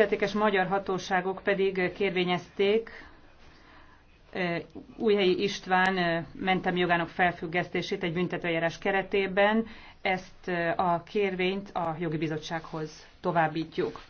illetékes magyar hatóságok pedig kérvényezték Újhelyi István mentemjogának felfüggesztését egy büntetőjárás keretében. Ezt a kérvényt a jogi bizottsághoz továbbítjuk.